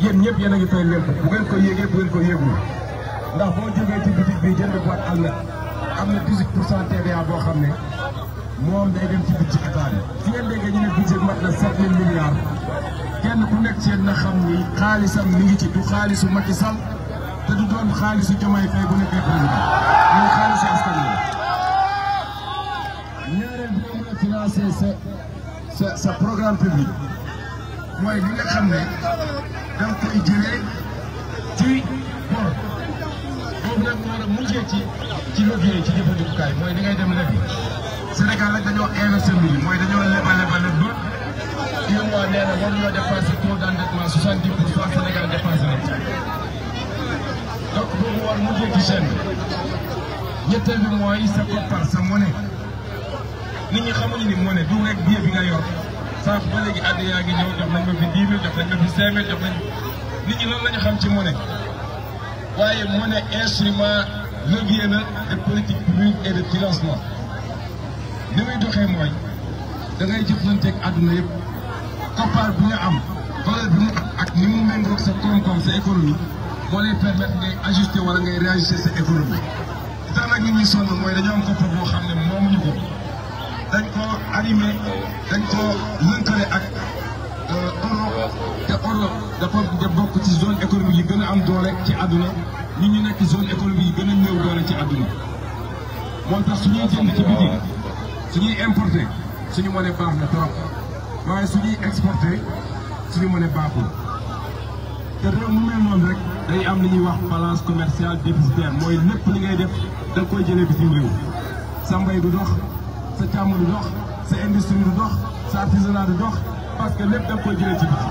yéen ñëpp yéen a ngi tooy lépp bu ngeen ko yéegee bu ko yéegul ndax boo jógee ci boutique bi jënd boîte almet am na 18 pour cent TVA boo xam ne moom day dem ci budget état bi. fi ngeen déggee ñu ne budget mat na 7000 milliards kenn ku nekk seen na xam ni xaalisam mi ngi ci du xaalisu Macky Sall te du doon xaalisu Diomaye Faye bu nekkee président mooy xaalisu askan wi. ñaareel bi nga mën a financer sa sa programme public. mooy li nga xam ne da koy jëlee ci bor boobu nag moo la mujjee ci ci levier ci jëfandikukaay mooy li ngay dem lebi Sénégal nag dañoo inversé mbir mooy dañoo lebal lebal ba UEMOA nee na war ñoo dépassé taux d'endettement 70 pour cent Sénégal dépassé na donc boobu war mujjee ci chaîne bi ñetteel mooy sa koppar sa monnaie nit ñi xamuñu ni monnaie du rek billet bi nga yor. sànq ba léegi àddi yaa ngi ñëw jox nañ ma fi 10 jox nañ ma fi 5 jox nañ nit ñi loolu la xam ci monnaie waaye monnaie instrument levier la de politique publique et de financement ni muy doxee mooy da ngay jëflanteeg àdduna yëpp koppar bi nga am valeur bi mu ak ni mu méngoog sa koom-koom sa économie moo lay permettre ngay ajuster wala ngay réajuster sa économie. li tax nag nit ñi sonn mooy dañoo am koppar boo xam ne moomuñu ko. dañ koo animé dañ koo lëkkale ak euh, Europe te Europe dafa da bokk ci zone économie yi gën a am doole ci àdduna ñi ñu nekk zone économique yi gën a néew doole ci àdduna moom tax suñuy jënd ci biti suñuy importé suñu mënee baax na trop waaye suñuy exporté suñu mënee baaxul te réew mu mel noonu rek day am li ñuy wax balance commerciale déficitaire mooy lépp li ngay def da nga koy jëlee bitim réew sa mbay du dox sa càmm du dox sa industrie du dox sa artisanat du dox parce que lépp da nga koy jëlee ci biti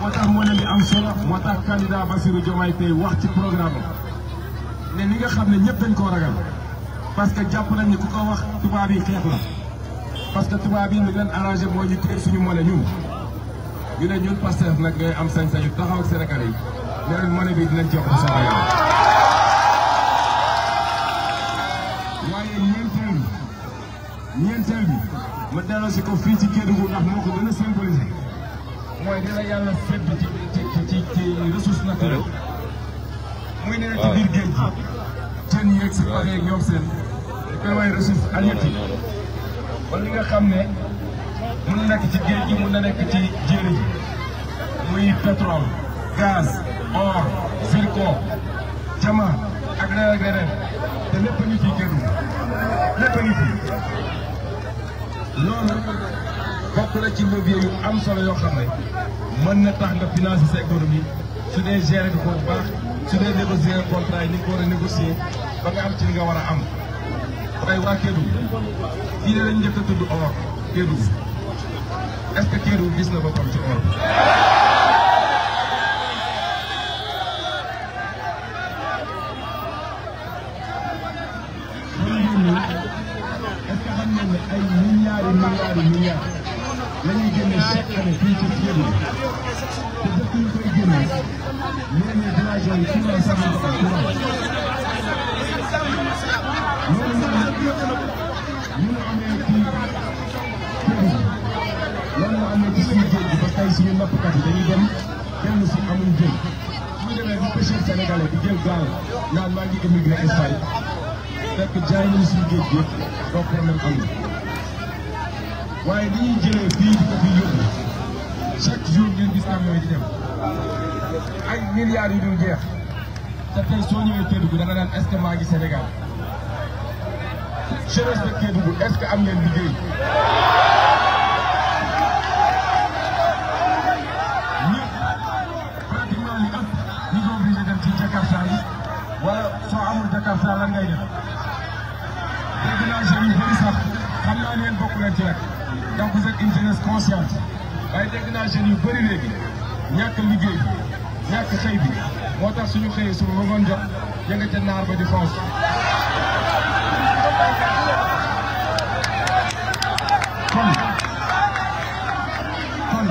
moo tax moo leen di am solo moo tax candidat Bassirou Diomaye tey wax ci programme ne li nga xam ne ñëpp dañ koo ragal parce que jàpp nañ ni ku ko wax tubaab yi xeex la parce que tubaab yi li leen arrangé mooy ñu téye suñu mole ñun ñu ne ñun Pastef nag ngay am sañ-sañu taxaw ak Sénégalais yi ne leen mole bi dinañ ci wax delloo si ko fii ci Kédougou ndax moo ko gën a symboliser mooy di la yàlla sedd ci ci ci ci ressource naturelle. muy nekk ci biir géej gi. jën yeeg si pare yeeg ñoom seen. li koy waaye ressource halieutique. xam ne mun na nekk ci géej gi mun na nekk ci jéeri ji. muy pétrole. gaz a ngi fi Kédougou lépp a ngi fi. loolu bokk na ci levier yu am solo yoo xam ne mën na tax nga financer sa économie su dee gérer ko bu baax su dee négocier contrat ni nga ko war ba nga am ci li nga war a am. waaye waa Kédougou fii la njëkk tudd or Kédougou est-ce que gis na boppam ci or. ay milliards et milliards et milliards la génne chaque année fii ci Kédougou te dëkk yu koy génne yeneen i yi fii lay sàmm ak courant loolu nag ñu ngi amee ci Kédougou loolu la amee ci jaay nañu suñu géej gi yëpp waaye li ñuy jëlee fii di ko fi yóbbu chaque jour ngeen gis camion yi di ay milliards yu dul jeex te tey soo ñëwee Kédougou da nga naan est-ce que maa ngi Sénégal je respecte Kédougou am ngeen liggéey. naa ne yéen bokk ci rek donc vous êtes une jeunesse consciente waaye naa jeunes yu bëri léegi ñàkk liggéey bi ñàkk xëy bi moo tax suñu xëyee suba ba ngoon jot yënga ca naar ba di fonce kon kon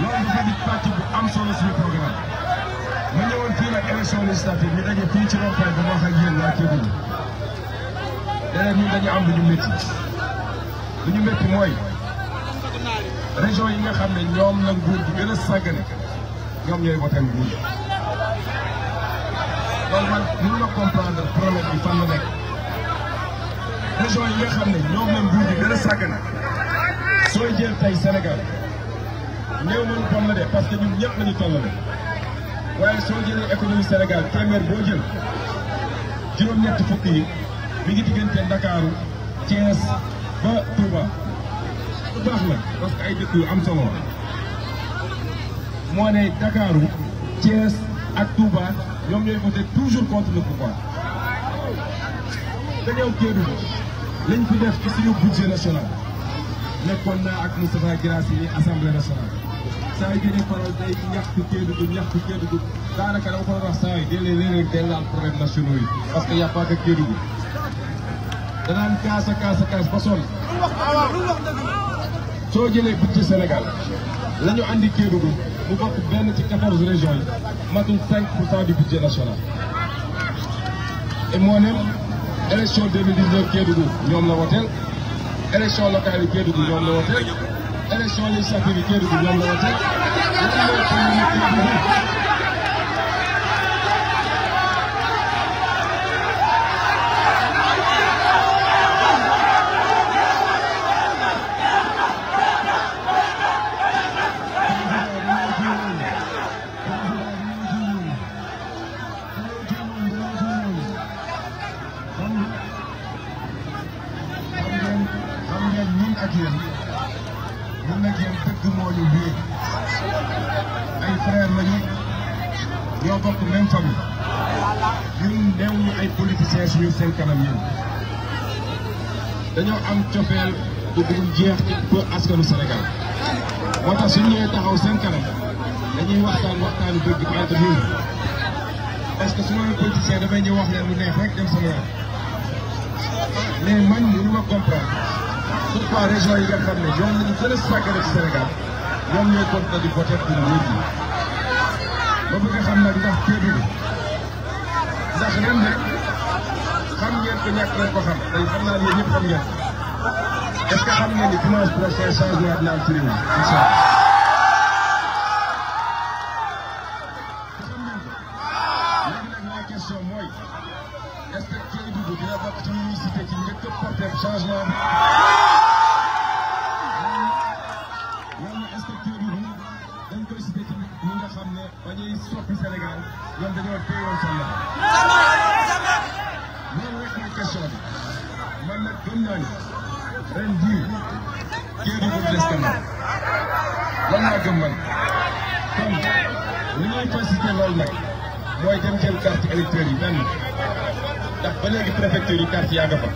loolu dafa di pàcc bu am solo suñu programme ma ñëwoon fii daje fii ci rond-point bu wax ak yéen waa Kédougou léeg-léeg ñun dañu am lu ñu métti mooy région yi nga xam ne ñoom la nguur gi gën a ñoom ñooy voté nguur gi loolu man mënu ma comprendre problème bi ñoom la nguur gi gën a sàggane sooy jël tey Sénégal néew ma ñu tollale parce que ñun ñëpp la ñu waaye soo jëlee économie Sénégal téeméer boo jël juróom-ñett fukk mi ngi diggante Ndakaaru Thiès ba Touba bu baax la parce que ay dëkk yu am solo moo ne Ndakaaru Thiès ak Touba ñoom ñooy voté toujours contre le pouvoir dañoo kédu lañ fi def ci suñu budget national nekkoon naa ak Moustapha Guirassy yi assemblée nationale saa yu jëlee parole day ñaxtu Kédougou ñaxtu Kédougou daanaka dama ko wax saa yi delloo léeg-léeg day laal problème nationaux yi parce que y' a pas que danaan kaas a kaas a kaas ba sonn soo jëlee bit ci Sénégal la ñu andi Kédougou mu bokk benn ci quatorze régions yi matul cinq pour cent du budget national et moo nem élection 2019 ñoom la woteel élection locale yi Kédougou ñoom la woteel élection législative yi Kédougou ñoom la woteel ak yéen ñun nag yéen dëgg moo ñu lii ay frère lañu ñoo bokk même famille ñun néew ñu ay politiciens suñu seen kanam yéen dañoo am cofeel bu dul jeex ci pour askanu Sénégal moo tax suñu ñëwee taxaw seen kanam dañuy waxtaan waxtaanu dëgg bi entre ñun parce que su ma leen politicien damay ñëw wax leen lu neex rek dem sama yoon mais man mënu ma comprendre. surtout région yi nga xam ne ñoom la ñu gën a sàggane ci Sénégal ñoom ñooy continuer di voter pour nguur gi ba bëgg xam nag ndax Kédougou ndax ren de xam ngeen ko ñàkk nañ ko xam day xam naa ne ñëpp xam ngeen est-ce que xam ngeen ni dimanche prochain changement dina am ci réew mi incha allah question mooy est-ce que Kédougou dina bokk ci ñuy cité ci njëkk a porter changement bi. yàlla est-ce que Kédougou dañ koy cité ci ñi nga xam ne ba ñuy soppi Sénégal ñoom dañoo téyewoon seen loxo. loolu rek mooy question bi man nag gëm naa ni ren jii Kédougou des ka man lan laa gëm man kon li may facilité loolu nag mooy dem jël carte électeur yi benn. ndax ba léegi préfecture yi carte yaa nga fa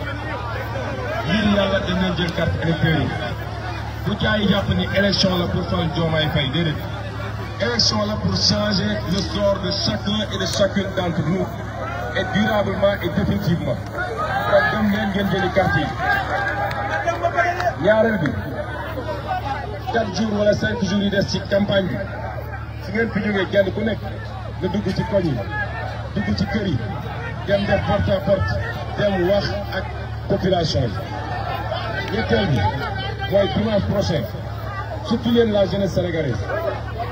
ngir yàlla danañ jël carte électeur yi bu jaay jàpp ni élection la pour fal Diomaye Faye déedéet élection la pour changer le sort de chacun et de chacune d'entre nous et durablement et définitivement kon dem leen ngeen jëli carte yi ñaareel bi quatre jours wala cinq jours yi des ci campagne bi su ngeen fi jógee genn ku nekk nga dugg ci koñ yi dugg ci kër yi dem def porte à porte dem wax ak population yi ñetteel bi mooy dimanche prochain surtout la jeunesse sénégalaise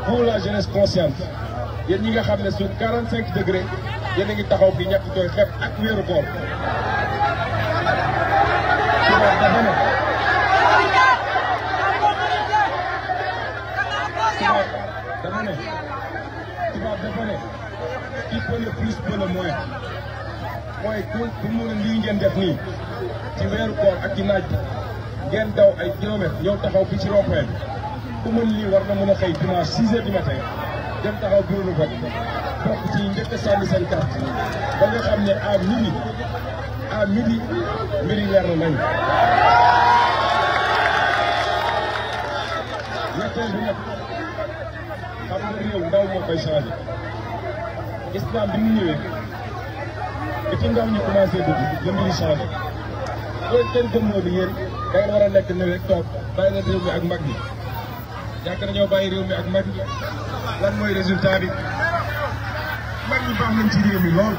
pour la jeunesse consciente yéen ñi nga xam ne su 45 degré yéen a ngi taxaw bi ñàkk tooy xepp ak wéeru koor dafa ne tubaab dafa ne il faut le mooy ku pour mu ne lii ngeen def nii ci weeru koor ak ci naaj ngeen daw ay kilomètres ñëw taxaw fi ci rond-point ku mën lii war na mën a xëy dimanche 6 heures du matin dem taxaw bureau de vote bokk ci njëkk a sànni seen ba nga xam ne à midi à midi mbiri leer na nañu. ñetteel bi nag xam nga réew ndaw moo koy changé islam bi mu ñëwee. bi ci ndaw ñu commencé dugg jëm di changé loolu kenn gëmloo ni yéen da ngeen war a nekk ni rek toog bàyyi réew mi ak mag ñi yàgg nañoo bàyyi réew mi ak mag ñi lan mooy résultat bi mag ñi baax nañ ci réew mi lool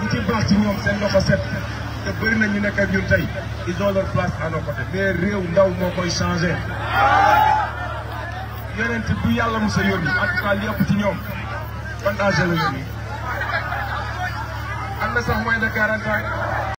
ñi ci baax ci ñoom seen loxo set te bëri ñu nekk ak ñun tey ils ont leur place à nos côtés réew ndaw moo koy changé yonent bu yàlla mos a yónni en tout cas ci ñoom ban âge la am na sax moins de 40 ans